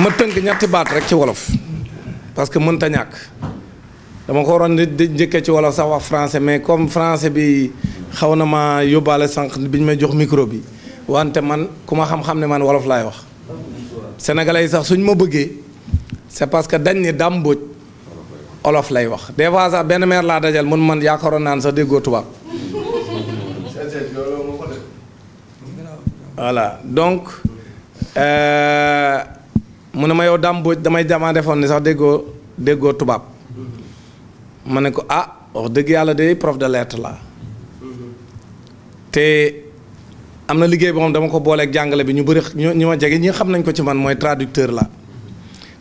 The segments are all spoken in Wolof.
ma tënk ñetti baat rek ci wolof parce que mënta ñàkk dama ko waroon di njëkkee ci wolof sax wax français mais comme francais bi xaw na ma yóbbaale sànq bi ñu may jox micro bi wante man ku ma xam-xam ne man wolof laay wax sénégalais yi sax suñ ma bëggee c'est parce que dañ ni Dame olof lay wax des fois sax benn maire laa dajal mun man yaakaaroon naan sax déggoo tubaab voilà donc. Euh, mu ne ma yow Dame Mbodj damay jamaa defoon ni sax déggoo déggoo tubaab ma ne ko ah wax dëgg yàlla de prof de lettres laa te am na liggéey boo moom dama ko booleeg jàngale bi ñu bëri ñu ma jege ñi xam nañ ko ci man mooy traducteur la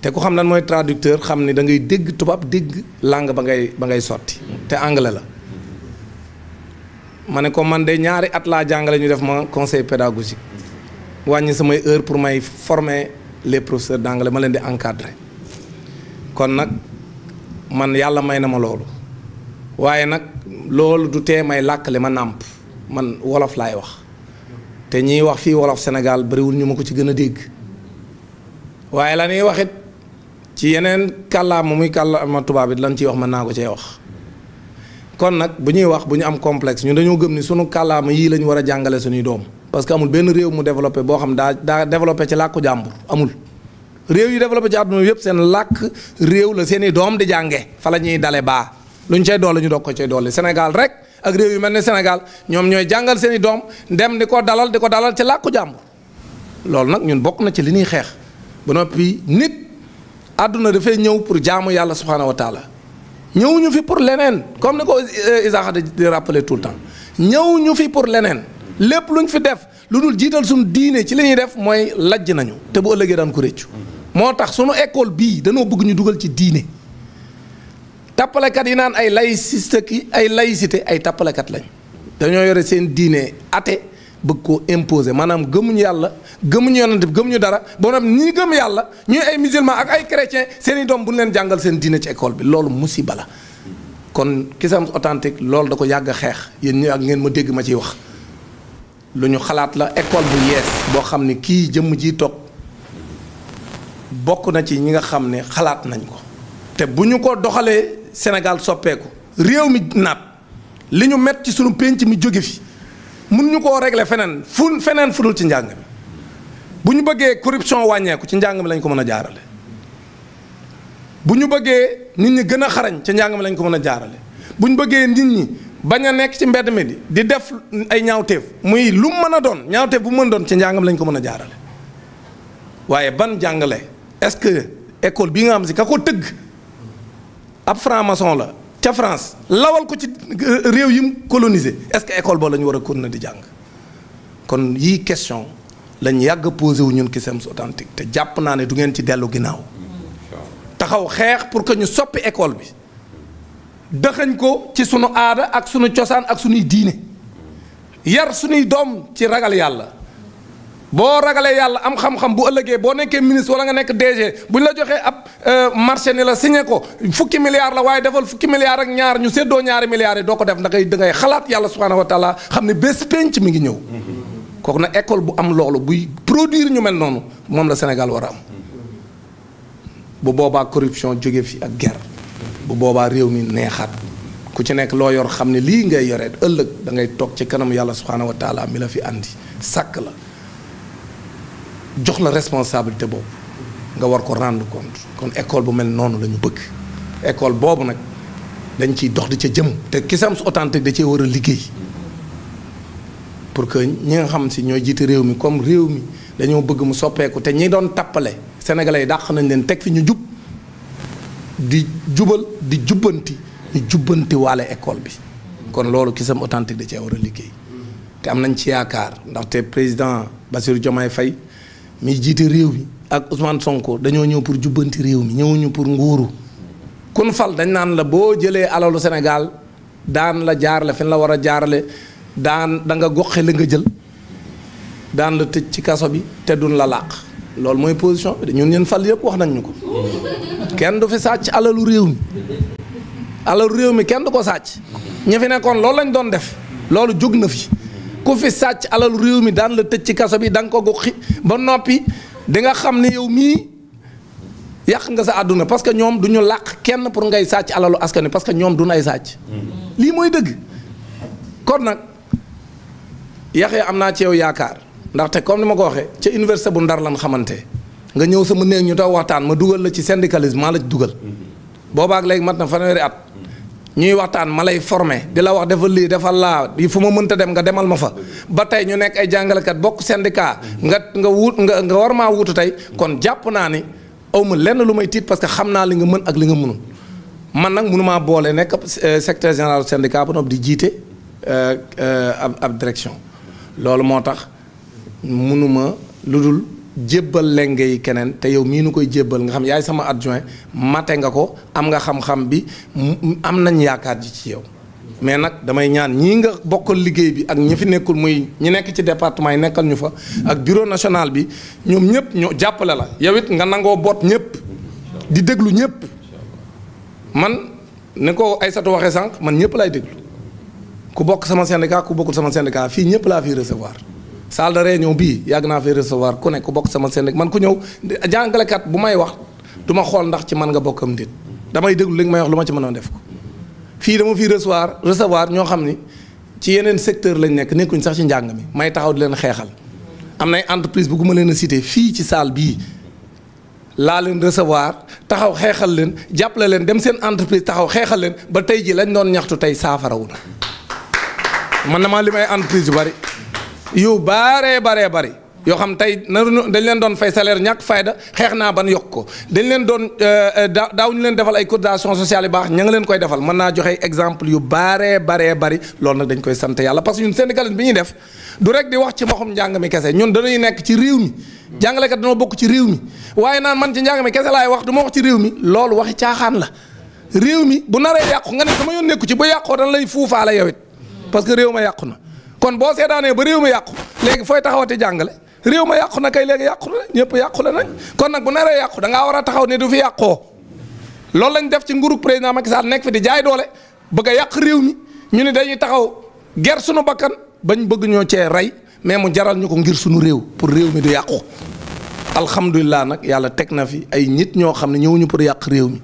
te ku xam lan mooy traducteur xam ni dangay dégg tubaab dégg langue ba ngay ba ngay sotti te anglais la ma ne ko man de ñaari at laa jàngale ñu def ma conseil pédagogique wàññi samay heure pour may former les professeurs d'anglais ma leen di encadrer kon nag man yàlla may na ma loolu waaye nag loolu du tee may làkkale ma nàmp man wolof laay wax te ñiy wax fii wolof Sénégal bariwul ñu ma ko ci gën a dégg waaye la ñuy wax it ci yeneen kàllaama muy kàllaama tubaab it lan ciy wax mën naa ko cee wax kon nag bu ñuy wax bu ñu am complexe ñun dañoo gëm ni sunu kàllaama yii lañu war a jàngale suñuy doom parce que amul benn réew mu développé boo xam daa daa développé ci làkku jàmbur amul réew yi développé ci àdduna yëpp seen làkk réew la seen i doom di jànge fa la ñuy dale baa lu ñu cay doole ñu doog ko cay doole Sénégal rek ak réew yu mel ne Sénégal ñoom ñooy jàngal seen i doom dem di ko dalal di ko dalal ci làkku jàmbur loolu nag ñun bokk na ci li ñuy xeex ba noppi nit àdduna dafay ñëw pour jaamu yàlla subhaanahu wa taala ñëw ñu fi pour leneen comme ni ko Isaaxa di tout le temps ñëw ñu fi pour leneen lépp lu luñ fi def lu dul jiital suñu diine ci li ñuy def mooy lajj nañu te bu ëllëgee daan ko réccu moo tax sunu école bii danoo bëgg ñu dugal ci diine tappalekat yi naan ay laïcité ki ay laïcité ay tappalekat lañ dañoo yore seen diine ate bëgg koo imposer maanaam gëmuñu yàlla gëmuñu yonante bi gëmuñu dara boonam ñi gëm yàlla ñuy ay musulman ak ay chrétien seen i doom bu ñu leen jàngal seen diine ci école bi loolu musiba la kon Kisam authentique loolu da ko yàgg xeex yéen ñi ak ngeen ma dégg ma ciy wax lu ñu xalaat la école bu yees boo xam ni kii jëmm ji toog bokk na ci ñi nga xam ne xalaat nañ ko te bu ñu ko doxalee Sénégal soppeeku réew mi naat li ñu met ci sunu pénc mi jóge fi mun ñu koo régler feneen fu feneen fudul ci njàng mi bu ñu bëggee corruption wàññeeku ci njàng mi lañ ko mën a jaarale bu ñu bëggee nit ñi gën a xarañ ci njàng mi lañ ko mën a jaarale bu ñu bëggee nit ñi bañ a nekk ci mbedd mi di def ay ñaawteef muy lu mën a doon ñaawteef bu mën doon ci njàngam lañ ko mën a jaarale waaye ban jàngale est-ce que école bi nga xam si ka ko tëgg ab franc la ca France lawal ko ci euh, réew yi mu colonisé est-ce que école boo la ñu war a kon na di jàng kon yii question lañ yàgg posé wu ñun ki Cusems authentique te jàpp naa ne du ngeen ci dellu ginnaaw mm, taxaw xeex pour que ñu soppi école bi dëxañ ko ci sunu aada ak suñu cosaan ak suñuy diine yar sunuy doom ci ragal yàlla boo ragalee yàlla am xam-xam bu ëllëgee boo nekkee ministre wala nga nekk DG bu ñu la joxee ab euh, marché ni la signé ko fukki milliards la waaye defal fukki milliards ak ñaar ñu séddoo ñaari milliards yi doo ko def ndax da ngay xalaat yàlla subhaanahu wa taala xam ne bés penc mi ngi ñëw. kooku nag école bu am loolu buy produire ñu mel noonu moom la Sénégal war a am bu boobaa corruption jóge fi ak guerre. bu boobaa réew mi neexaat ku ci nekk loo yor xam ne lii ngay yore ëllëg da ngay toog ci kanam yàlla subhaanahu wa taala mi la fi andi sàkk la jox la responsabilité boobu nga war ko rendre compte kon école bu mel noonu la bëgg école boobu nag dañ ciy dox di ca jëm te Cusems authentique da cee war a liggéey pour que ñi nga xam si ñooy jiite réew mi comme réew mi dañoo bëgg mu soppeeku te ñi doon tappale sénégalais yi dàq nañ leen teg fi ñu jub di jubal di jubbanti ñu jubbanti waale école bi kon loolu Kisum Authentique da cee war a liggéey te am nañ ci yaakaar ndaxte président Bassirou Diomaye Faye mi jiite réew mi ak Ousmane Sonko dañoo ñëw pour jubbanti réew mi ñëwuñu pour nguuru kun fal dañ naan la boo jëlee alalu Sénégal daan la jaarale fi la war a jaarale daan da nga goxe la nga jël daan la tëj ci kaso bi te duñ la làq loolu mooy position bi de fal yëpp wax nañ ñu ko kenn du fi sàcc alalu réew mi alalu réew mi kenn du ko sàcc ñi fi nekkoon loolu lañ doon def loolu jóg na fi ku fi sàcc alalu réew mi daan la tëj ci kaso bi da nga ko goxi ba noppi di nga xam ne yow mii yàq nga sa àdduna parce que ñoom du ñu làq kenn pour ngay sàcc alalu askan wi parce que ñoom du nay sàcc. lii mooy dëgg kon nag Yaxya am naa ci yaakaar. ndaxte comme ni ma ko waxee ca université bu ndar lan xamante nga ñëw sama néeg ñu taw waxtaan ma dugal la ci syndicalisme maa la ci dugal boobaak léegi mat na fanweeri at ñuy waxtaan ma lay formé di la wax defal defal laa yi fu ma mënta dem nga demal ma fa ba tey ñu nekk ay jàngalekat bokk syndicat nga nga wut nga nga war maa wutu tey kon jàpp naa ni awma lenn lu may tiit parce que xam naa li nga mën ak li nga mënul man nag mënumaa boole nekk euh, secrétaire général syndicat ba noppi di jiite euh, euh, ab ab direction loolu moo tax munuma lu dul jébbal lenge keneen te yow mii nu koy jébbal nga xam yaay sama adjoint mate nga ko am nga xam-xam bi am nañ yaakaar ji ci yow mais nag damay ñaan ñi nga bokkal liggéey bi ak ñi fi nekkul muy ñi nekk ci département yi nekkal ñu fa ak bureau nationale bi ñoom ñëpp ñoo jàppale la yow it nga nangoo boot ñëpp di déglu ñëpp man ne ko ay Aïssatou waxee sànq man ñëpp laay déglu ku bokk sama syndicat ku bokkul sama syndicat fii ñëpp laa fiy recevoir salle de réunion bii yàgg naa fay recevoir ku nekk ku bokk sama seen man ku ñëw jàngalekat bu may wax du ma xool ndax ci man nga bokkam déet damay déglu li may wax lu ma ci mënoon def ko fii dama fii recevoir recevoir ñoo xam ni ci yeneen secteur lañ nekk nekkuñ sax ci njàng mi may taxaw di leen xeexal am nay entreprise bu ma leen a cité fii ci salle bii laa leen recevoir taxaw xeexal leen jàppale leen dem seen entreprise taxaw xeexal leen ba tey ji lañ doon ñaxtu tey saafarawu na man na li may entreprise yu bari yu bare baree bari yoo xam tey naruñu dañ leen doon fay salaire ñàkk fayda xeex naa ban yokk ko dañ leen doon euh, euh, daaw ñu leen defal ay cotisation sociale yu baax ña nga leen koy defal mën naa joxe exemple yu bare baree bari loolu nag dañ koy sant yàlla parce que seen syndicalisme bi ñuy def du rek di wax ci maxum njàng mi kese ñun dañuy nekk ci réew mi jàngalekat bokk ci réew mi waaye naan man ci njàng mi kese laay wax du ma wax ci réew mi loolu waxi caaxaan la réew mi bu naree yàqu nga ne sama yoon nekku ci bu yàqoo dañ lay fuufaale yow it parce que réew ma yàqu na kon boo seetaanee ba réew mi yàqu léegi fooy taxawati jàngale réew ma yàqu na kay léegi yàqu na ñëpp yàqu la nañ kon nag bu naree yàqu da ngaa war a taxaw ne du fi yàqoo loolu lañ def ci nguurug président Macky Sall nekk fi di jaay doole bëgg a yàq réew mi ñu ne dañuy taxaw ger suñu bakkan bañ bëgg ñoo cee rey mais mu jaral ñu ko ngir suñu réew pour réew mi du yàqu alhamdulilah nag yàlla teg na fi ay nit ñoo xam ne ñëwuñu pour yàq réew mi.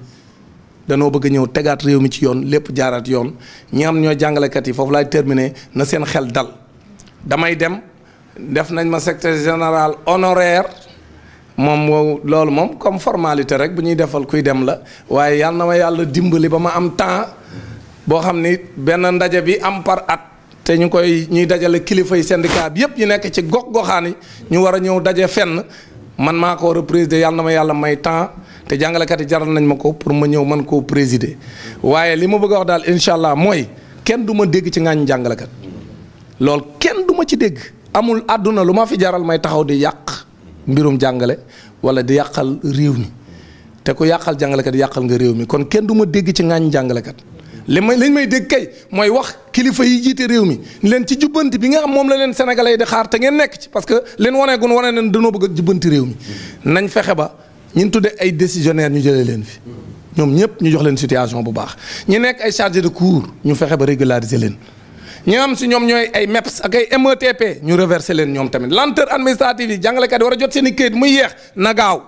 danoo bëgg ñëw tegaat réew mi ci yoon lépp jaaraat yoon ñi ñoo jàngalekat yi foofu laay terminer na seen xel dal damay dem def nañ ma secteur général honoraire moom loolu moom comme formalité rek bu ñuy defal kuy dem la waaye yàlla na ma yàlla dimbali ba ma am temps boo xam ni benn ndaje bi am par at te ñu koy ñuy dajale kilifa yi syndicat bi yépp ñu nekk ci gox goxaan yi ñu war a ñëw daje fenn man maa ko war a présider yàlla na ma yàlla may temps te jàngalekat yi jaral nañ ma ko pour ma ñëw man koo présider waaye li ma bëgg a wax daal incha allah mooy kenn du ma dégg ci ngaañ jàngalekat loolu kenn du ma ci dégg amul àdduna lu ma fi jaral may taxaw di yàq mbirum jàngale wala di yàqal réew mi te yàqal jàngalekat yàqal nga réew mi kon kenn du ma dégg ci ngaañ jàngalekat li may li may dégg kay mooy wax kilifa yi jiite réew mi leen ci jubbanti bi nga xam moom la leen sénégalais yi di xaar te ngeen nekk ci parce que leen waneegun wane leen danoo bëgg a jubbanti réew mi nañ fexe ba. ñun tuddee ay décisionnaire ñu jëlee leen fi ñoom ñëpp ñu jox leen situation bu baax ñu nekk ay chargé de cours ñu fexe ba régulariser leen ñu am si ñoom ñooy ay MEPS ak e ñu reverser leen ñoom tamit lenteur administrative yi jàngalekat yi war a jot seen i këyit muy yeex na gaaw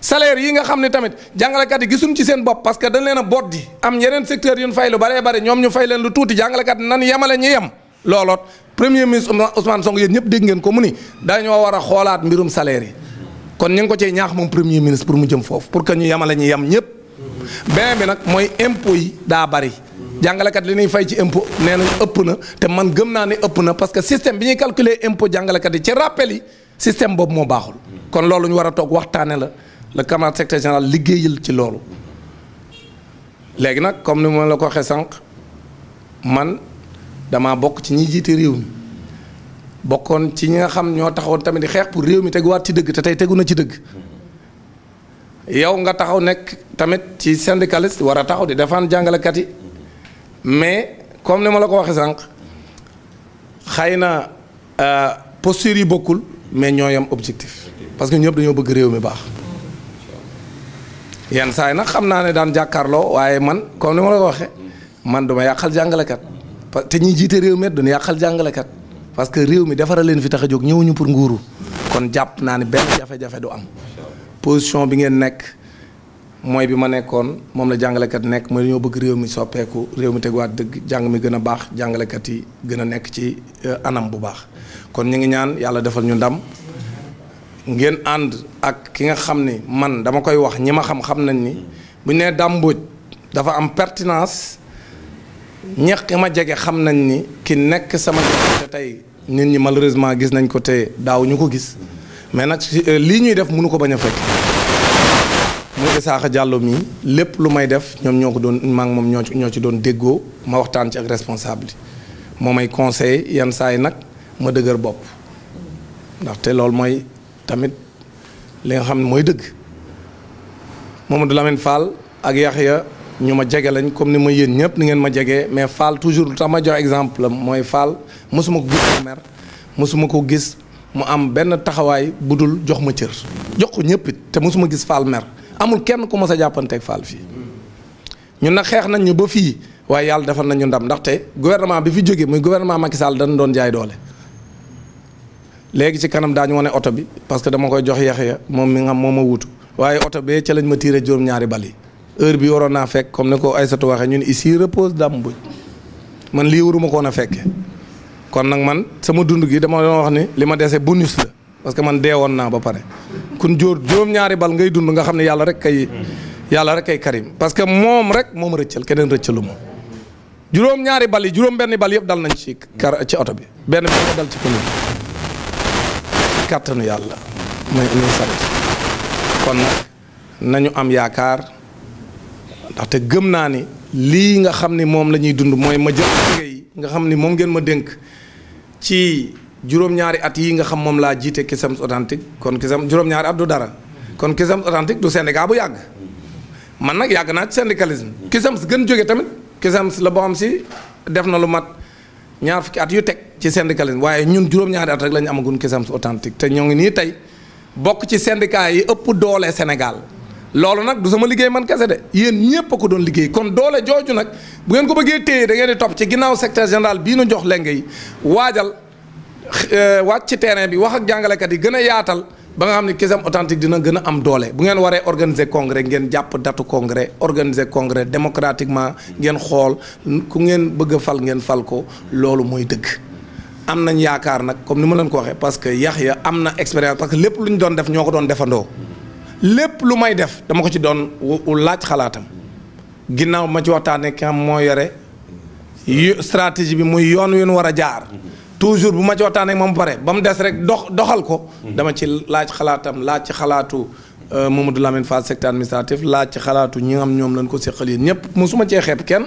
salaire yi nga xam ne tamit jàngalekat yi gisuñ ci seen bopp parce que dañ leen a boot yi am yeneen secteur yu ñu fay lu baree bare ñoom ñu fay leen lu tuuti jàngalekat nan yemale ñu yem looloot premier ministre Ousmane Sonko ñëpp dégg ngeen ko mu ni dañoo a xoolaat mbirum salaire yi kon ñu ngi ko cay ñaax moom premier ministre pour mu jëm foofu pour que ñu yemale ñu yem ñëpp. beneen bi nag mooy impôt yi daa bari. jàngalekat li ñuy fay ci impôt nee nañ ëpp na te man gëm naa ne ëpp na parce que système bi ñuy calculer impôt jàngalekat yi ci rappel yi système boobu moo baaxul. kon loolu ñu war a toog waxtaane la le camarade secrétaire général liggéeyal ci loolu. léegi nag comme ni ma la ko waxee sànq man damaa bokk ci ñi jiite réew mi. bokkoon ci ñi nga xam ñoo taxawoon tamit di xeex pour réew mi teguwaat ci dëgg te tey tegu na ci dëgg yow nga taxaw nekk tamit ci syndicaliste war a taxaw di defan jàngalekat yi mais comme ni ma la ko waxee sànq xëy na euh, postures yi bokkul mais ñoo yam objectif parce que ñëpp dañoo bëgg réew mi baax yenn saa yi nag xam naa ne daan jàkkaarloo waaye man comme ni ma la ko waxee man duma yàqal jàngalekat te ñi jiite réew mi it yàqal jàngalekat. parce que réew mi defara leen fi tax a jóg ñëwuñu pour nguuru kon jàpp naa ne benn jafe-jafe du am position bi ngeen nekk mooy bi ma nekkoon moom la jàngalekat nekk mooy dañoo bëgg réew mi soppeeku réew mi teguwaat dëgg jàng mi gën a baax jàngalekat yi gën a nekk ci euh, anam bu baax kon ñu ngi ñaan yàlla defal ñu ndam ngeen ànd ak ki nga xam ni man dama koy wax ñi ma xam xam nañ ni bu ñu nee Dame dafa am pertinence ñeq ma jege xam nañ ni ki nekk sama te tey nit ñi malheureusement gis nañ ko te daaw ñu ko gis mais nag euh, lii ñuy def mënu ko bañ a fekk muy Isaaxa Diallo mii lépp lu may def ñoom ñoo ko doon maa moom ñoo ci ñoo ci doon déggoo ma waxtaan ci ak responsable yi moo may conseil yan saa yi nag ma dëgër bopp ndaxte loolu mooy tamit li nga xam mooy dëgg Mamadou Lamine Fall ak ya ñu ma jege lañ comme ni ma yéen ñëpp ni ngeen ma jegee mais Fall toujours lu tax ma jox exemple mooy Fall mosuma ko gis mer mosuma ko gis mu am benn taxawaay bu dul jox ma cër jox ko ñëpp te mosuma gis Fall mer amul kenn ku mos a jàppanteeg Fall fii ñun nag xeex nañ ñu ba fii waaye yàlla defal nañu ndam ndaxte gouvernement bi fi jógee muy gouvernement Macky Sall dañ doon jaay doole. léegi ci kanam daañu wane oto bi parce que dama koy jox yeex ya moom mi nga xam ma wutu waaye oto bee ca lañ ma tiiree juróom-ñaari bal heure bi waroon naa fekk comme ni ko Aïssatou waxee ñu ne ici repose Dame Mbodj man lii waruma koon a fekke kon nag man sama dund gi dama doon wax ni li ma dese bonus la parce que man deewoon naa ba pare kun jóor juróom-ñaari bal ngay dund nga xam ne yàlla rek kay yàlla rek kay Karim parce que moom rek moom rëccal keneen rëccalu ma juróom-ñaari bal juróom benni bal yëpp dal nañ ci kar ci oto bi benn bi dal ci pënu kàttanu yàlla muy muy saret kon nag nañu am yaakaar ndaxte gëm naa ni lii nga xam ni moom la ñuy dund mooy ma jël yi nga xam ni moom ngeen ma dénk ci juróom-ñaari at yi nga xam moom laa jiite Cusems Authentique kon Cusems juróom-ñaari at du dara kon Cusems Authentique du syndicat bu yàgg man nag yàgg naa ci syndicalisme Cusems gën jóge tamit Cusems la boo xam si def na lu mat ñaar fukki at yu teg ci syndicalisme waaye ñun juróom-ñaari at rek la ñu amagun Cusems Authentique te ñoo ngi nii tey bokk ci syndicat yi ëpp doole Sénégal loolu nag du sama liggéey man kese de yéen ñëpp a ko doon liggéey kon doole jooju nag bu ngeen ko bëggee téye da ngeen di topp ci ginnaaw secteur général bii nu jox lenge yi waajal euh, wàcc ci terrain bi wax ak jàngalekat yi gën a yaatal ba nga xam ne Kisum authentique dina gën a am doole bu ngeen waree organiser congrès ngeen jàpp datu congrès organiser congrès démocratiquement ngeen xool ku ngeen bëgg a fal ngeen fal ko loolu mooy dëgg. am nañ yaakaar nag comme ni ma leen ko waxee parce que Yaxya am na expérience parce que lépp lu ñu doon def ñoo ko doon defandoo. lépp lu may def dama ko ci doon laaj xalaatam ginnaaw ma ci waxtaanee ki moo yore stratégie bi muy yoon wi nu war a jaar toujours bu ma ci waxtaanee moom pare ba mu des rek dox doxal ko. dama ci laaj xalaatam laaj ci xalaatu euh, Mamadou Lamine Fall secteur administratif laaj ci xalaatu ñi am ñoom lañ ko seqal yéen su ma cee xeeb kenn.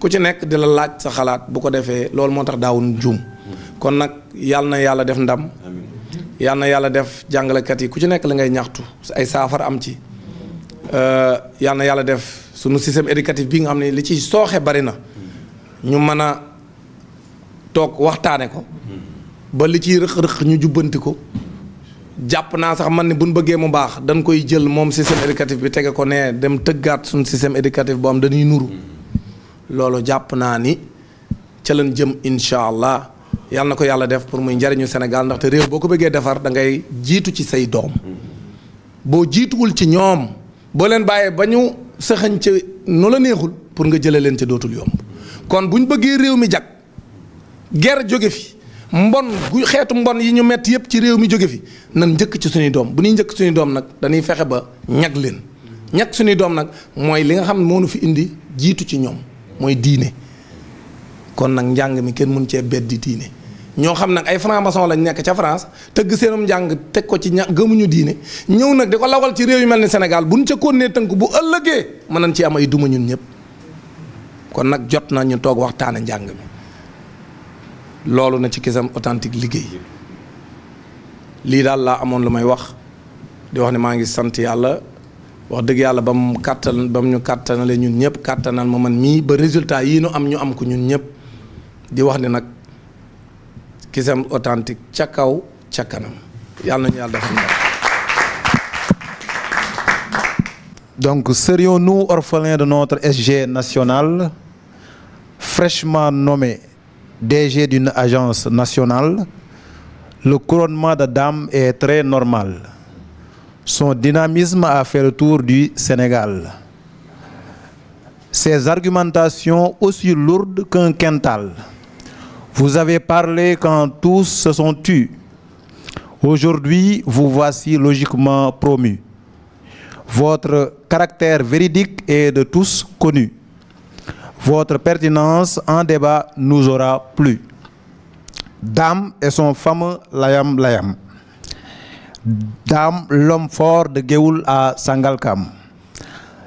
ku ci nekk di la laaj sa xalaat bu ko defee loolu moo tax daawun juum. kon nag yàlla na yàlla def ndam. yal na yàlla def jàngalekat yi ku ci nekk la ngay ñaxtu ay saafara am ci euh, yal na yàlla def sunu système éducatif bi nga xam ne li ciy sooxe bari na ñu mën a toog waxtaane ko ba li ciy rëq-rëq ñu jubbanti ko jàpp naa sax man ne buñ bëggee mu baax dañ koy jël moom système éducatif bi tege ko ne dem tëggaat suñu système éducatif boo am dañuy nuru loolu jàpp naa ni ca lañ jëm incha allah yàlla na ko yàlla def pour muy njariñu Sénégal ndaxte réew boo ko bëggee defar da ngay jiitu ci say doom boo jiituwul ci ñoom boo leen bàyyee ba ñu sëxañ ci nu la neexul pour nga jëlee leen ci dootul yomb kon bu ñu bëggee réew mi jag ger jóge fi mbon gu xeetu mbon yi ñu metti yëpp ci réew mi jóge fi nan njëkk ci suñuy doom bu ñuy njëkk suñuy doom nag dañuy fexe ba ñag leen ñag suñuy doom nag mooy li nga xam moo nu fi indi jiitu ci ñoom mooy diine kon nag njàng mi kenn mun cee beddi diine ñoo xam nag ay franc-maçon lañ nekk ca France tëgg seenum njàng teg ko ci ña gëmuñu diine ñëw nag di ko lawal ci réew yu mel ni Sénégal buñ ca konnee tënk bu ëllëgee mën nañ ci am ay duma ñun ñëpp kon nag jot na ñu toog waxtaane njàng mi loolu na ci Kisum Authentique liggéey lii daal laa amoon lu may wax di wax ne maa ngi sant yàlla wax dëgg yàlla ba mu kàttan ba ñu kàttanale ñun ñëpp kàttanal ma man mii ba résultat yii nu am ñu am ko ñun ñëpp di wax ne nag Kisum authentique ca kaw ca kanam yàlla nañu yàlla defal ndam donc serions-nous orphelins de notre SG national fraîchement nommé DG d'une agence nationale le couronnement de dame est très normal son dynamisme a fait le tour du Sénégal ses argumentations aussi lourdes qu'un quintal Vous avez parlé quand tous se sont tus. Aujourd'hui, vous voici logiquement promu. Votre caractère véridique est de tous connu. Votre pertinence en débat nous aura plu. Dame et son fameux Layam Layam. Dame l'homme fort de Géoul à Sangalkam.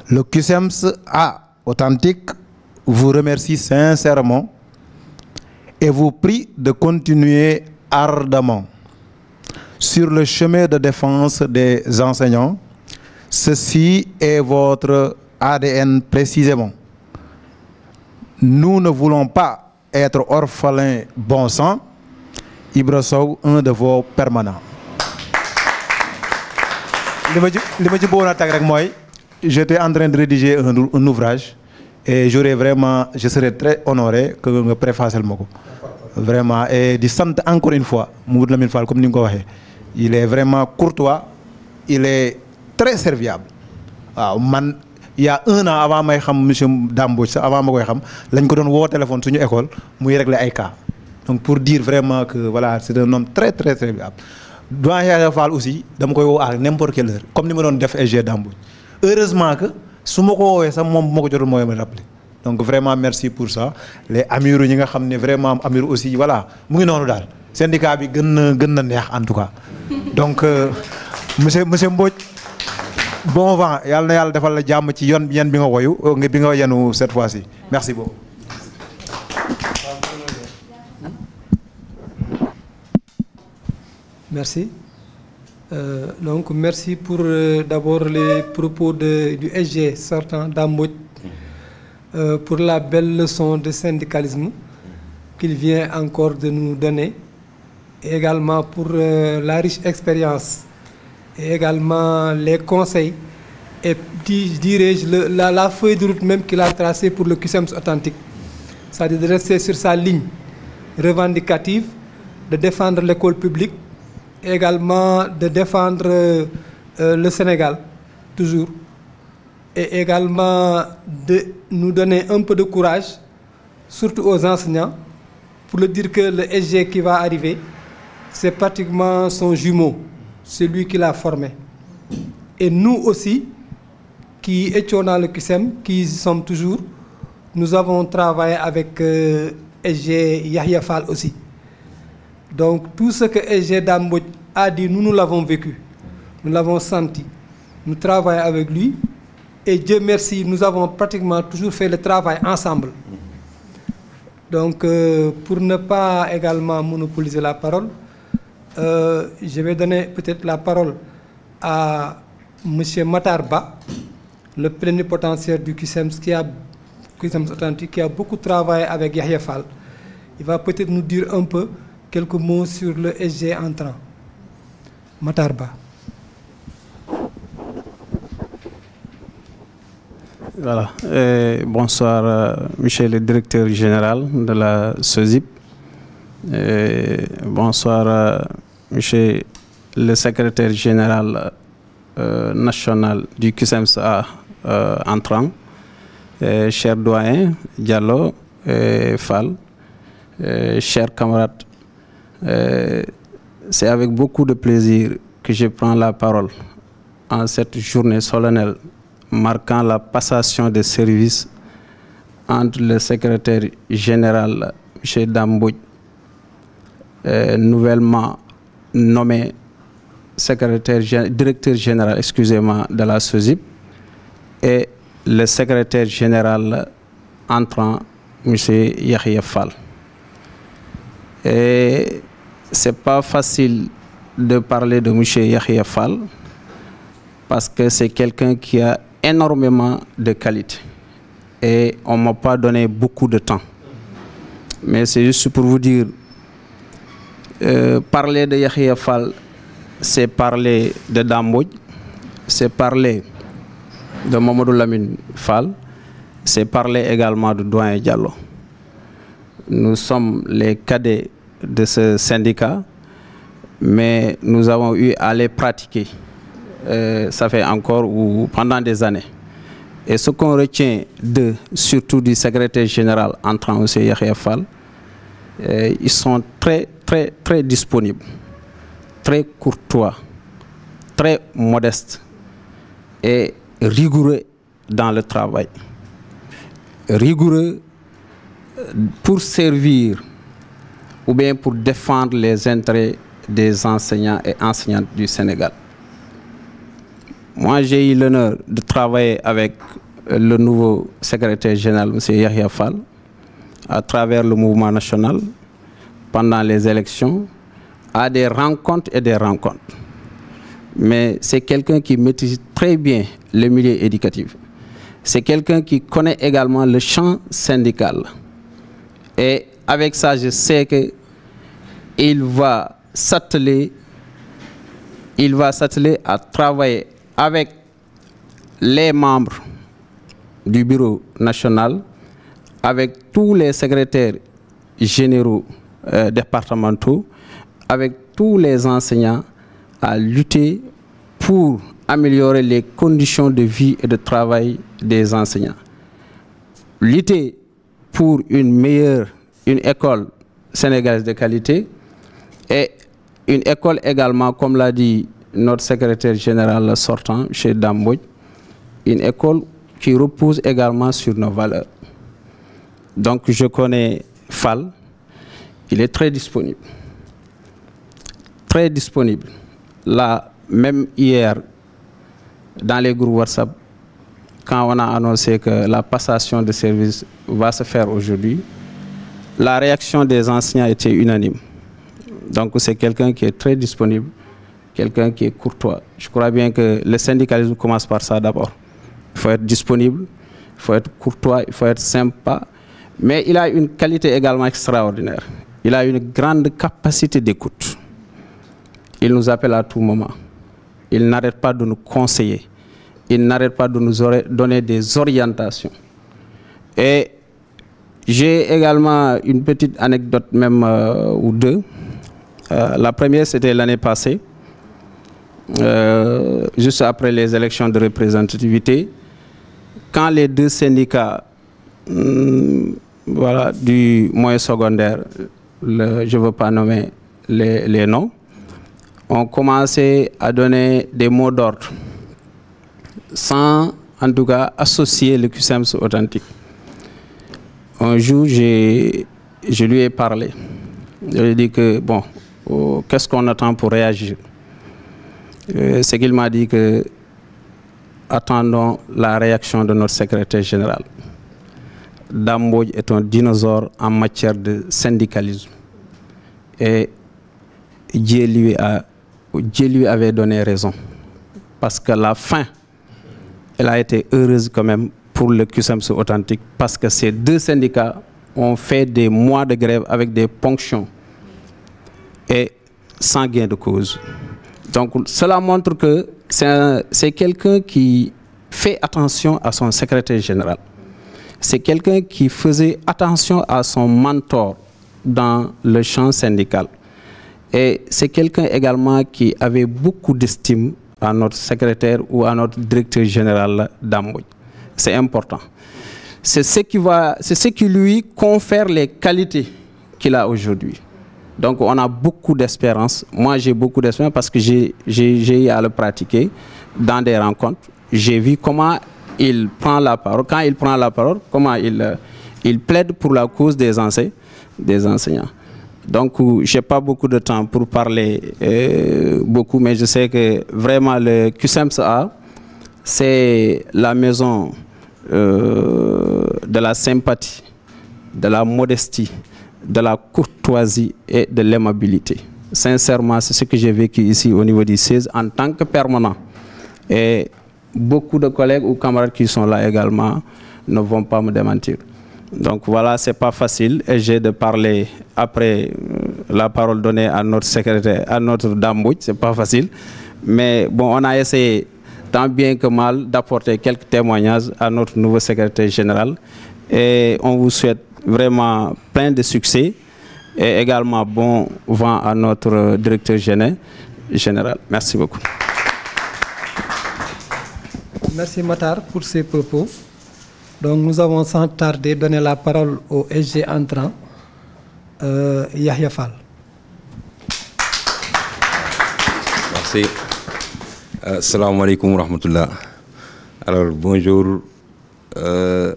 Le QSEMS A, authentique, vous remercie sincèrement et vous prie de continuer ardemment sur le chemin de défense des enseignants. Ceci est votre ADN précisément. Nous ne voulons pas être orphelins bon sang. Ibra Sow, un de vos permanents. li ma mooy j'étais en train de rédiger un ouvrage et vraiment je serais très honoré que nga préfacel ma ko vraiment di sant encore une fois Mamadou Lamine Fall comme ni ko waxee il est vraiment courtois il est très serviable waaw man il y a un an avant may xam monsieur Dame Mbodj sax avant ma koy xam lañ ko doon woo téléphone suñu école muy régler ay cas donc pour dire vraiment que voilà c'est un homme très très serviable a Fall aussi dama koy woo à n'importe quelle heure comme ni ma doon def SG Dame Mbodj heureusement su ma ko woowee sax moom bu ma ko jotul mooy ma rappelé donc vraiment merci pour ça les amiru ñi nga xam ne vraiment amiru aussi voilà mu ngi noonu daal syndicat bi gën na gën na neex en tout cas donc euh, monsieur monsieur Mbodj bon vent yàlla na yàlla defal la jàmm ci yoon yan bi nga woyu euh, bi nga yenu cette fois ci merci beaucoup. merci. Euh, donc merci pour euh, d'abord les propos de, du SG sortant d'Ambot euh, pour la belle leçon de syndicalisme qu'il vient encore de nous donner et également pour euh, la riche expérience et également les conseils et dirais-je la, la feuille de route même qu'il a tracée pour le QCMS e authentique c'est-à-dire de rester sur sa ligne revendicative de défendre l'école publique également de défendre euh, le Sénégal, toujours, et également de nous donner un peu de courage, surtout aux enseignants, pour le dire que le SG qui va arriver, c'est pratiquement son jumeau, celui qui l'a formé. Et nous aussi, qui étions dans le QSEM, qui y sommes toujours, nous avons travaillé avec euh, SG Yahya Fall aussi. Donc tout ce que SG Dambodj a dit, nous, nous l'avons vécu. Nous l'avons senti. Nous travaillons avec lui. Et Dieu merci, nous avons pratiquement toujours fait le travail ensemble. Donc euh, pour ne pas également monopoliser la parole, euh, je vais donner peut-être la parole à Monsieur Matarba, le plénipotentiaire du QSEMS qui a, QSEMS Atlantique, qui a beaucoup travaillé avec Yahya Il va peut-être nous dire un peu quelques mots le SG entrant Matar voilà Et bonsoir euh, monsieur le directeur général de la SOSIP Et bonsoir monsieur le secretaire général euh, national du CUSEMS-A euh, entrant cher doyen Diallo Fall chers camarades Euh, c'est avec beaucoup de plaisir que je prends la parole en cette journée solennelle marquant la passation des services entre le secrétaire général M. Dambouj, euh, nouvellement nommé secrétaire, directeur général excusez de la SOSIP, et le secrétaire général entrant, M. Yahya Fall. Et c'est pas facile de parler de monsieur Yahya Fall parce que c'est quelqu'un qui a énormément de qualité et on m'a pas donné beaucoup de temps mais c'est juste pour vous dire euh, parler de Yahya Fall c'est parler de Damboj c'est parler de Mamadou Lamine Fall c'est parler également de Doyen Diallo nous sommes les cadets de ce syndicat, mais nous avons eu à les pratiquer. Euh, ça encore ou pendant des années. Et ce qu'on retient de, surtout du secretaire général entrant, M. Yahya Fall, euh, ils sont très, très, très disponibles, très courtois, très modestes et rigoureux dans le travail. Rigoureux pour servir ou bien pour défendre les intérêts des enseignants et enseignantes du Sénégal. Moi, j'ai eu l'honneur de travailler avec euh, le nouveau secrétaire général, M. Yahya Fall, à travers le mouvement national, pendant les élections, à des rencontres et des rencontres. Mais c'est quelqu'un qui maîtrise très bien le milieu éducatif. C'est quelqu'un qui connaît également le champ syndical. Et avec ça, je sais que va s'atteler, à travailler avec les membres du bureau national, avec tous les secrétaires généraux euh, départementaux, avec tous les enseignants à lutter pour améliorer les conditions de vie et de travail des enseignants. Lutter pour une meilleure une école sénégalaise de qualité et une école également, comme l'a dit notre secrétaire général sortant, chez Damboj, une école qui repose également sur nos valeurs. Donc je connais Fall, il est très disponible. Très disponible. Là, même hier, dans les groupes WhatsApp, quand on a annoncé que la passation de service va se faire aujourd'hui, La réaction des enseignants était unanime. Donc c'est quelqu'un qui est très disponible, quelqu'un qui est courtois. Je crois bien que le syndicalisme commence par ça d'abord. Il faut être disponible, il faut être courtois, il faut être sympa. Mais il a une qualité également extraordinaire. Il a une capacité d'écoute. Il nous appelle à tout moment. Il n'arrête pas de nous conseiller. Il n'arrête pas de nous donner des orientations. Et J'ai également une petite anecdote même euh, ou deux. Euh, la première, c'était l'année passée, euh, juste après les élections de représentativité, quand les deux syndicats hmm, voilà, du moyen secondaire, le, je veux pas nommer les, les noms, ont commencé à donner des mots d'ordre sans en tout cas associer le QSEMS e authentique. un jour, je lui ai parlé. Je lui ai que, bon, oh, qu'est-ce qu'on attend pour réagir euh, C'est qu'il m'a dit que attendons la réaction de notre secrétaire général. Damboj est un dinosaure en matière de syndicalisme. Et Dieu lui, a, Dieu lui avait donné raison. Parce que la fin, elle a été heureuse quand même pour le QSAMS authentique parce que ces deux syndicats ont fait des mois de grève avec des ponctions et sans gain de cause. Donc cela montre que c'est quelqu'un qui fait attention à son secrétaire général. C'est quelqu'un qui faisait attention à son mentor dans le champ syndical. Et c'est quelqu'un également qui avait beaucoup d'estime à notre secrétaire ou à notre directeur général d'Amouy. C'est important. C'est ce, qui va, c'est ce qui lui confère les qualités qu'il a aujourd'hui. Donc on a beaucoup d'espérance. Moi j'ai beaucoup d'espérance parce que j'ai, j'ai, eu à le pratiquer dans des rencontres. J'ai vu comment il prend la parole, quand il prend la parole, comment il, euh, il plaide pour la cause des, enseignes, des enseignants. Donc, euh, je n'ai pas beaucoup de temps pour parler euh, beaucoup, mais je sais que vraiment le QSEMSA, c'est la maison euh, de la sympathie, de la modestie, de la courtoisie et de l'aimabilité. Sincèrement, c'est ce que j'ai vécu ici au niveau du 16 en tant que permanent. Et beaucoup de collègues ou camarades qui sont là également ne vont pas me démentir. Donc voilà, c'est pas facile et j'ai de parler après euh, la parole donnée à notre secrétaire, à notre dame ce c'est pas facile. Mais on a essayé tant bien que mal, d'apporter quelques témoignages à notre nouveau secrétaire général. Et on vous souhaite vraiment plein de succès et également bon vent à notre directeur général. Merci beaucoup. Merci Matar pour ces propos. Donc nous avons sans tarder donné la parole au SG entrant, euh, Yahya Fall. Euh, asalaamaaleykum wa rahmatullah alors bonjour euh,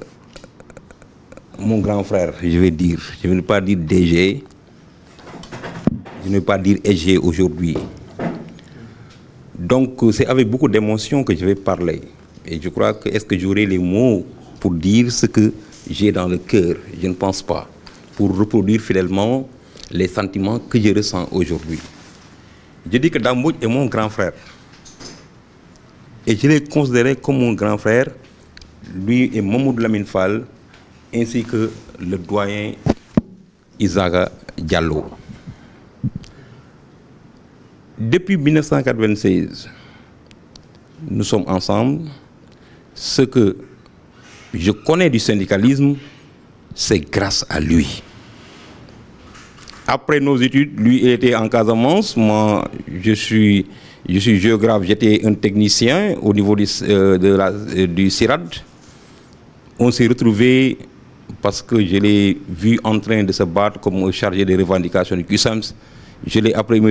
mon grand frère je vais dire je ne vais pas dire DG je ne vais pas dire EG aujourd'hui donc c'est avec beaucoup d'émotion que je vais parler et je crois que est-ce que j'aurai les mots pour dire ce que j'ai dans le cœur je ne pense pas pour reproduire fidèlement les sentiments que je ressens aujourd'hui je dis que Dame Mbodj est mon grand frère Et je l'ai considéré comme mon grand frère, lui et le doyen Isaac Diallo. Depuis 1996, nous sommes ensemble. Ce que je connais du syndicalisme, c'est grâce Je suis géographe, j'étais un technicien au niveau du, euh, de la, euh, du CIRAD. On s'est retrouvés parce que je l'ai vu en train de se battre comme chargé des revendications du QSAMS. Je l'ai après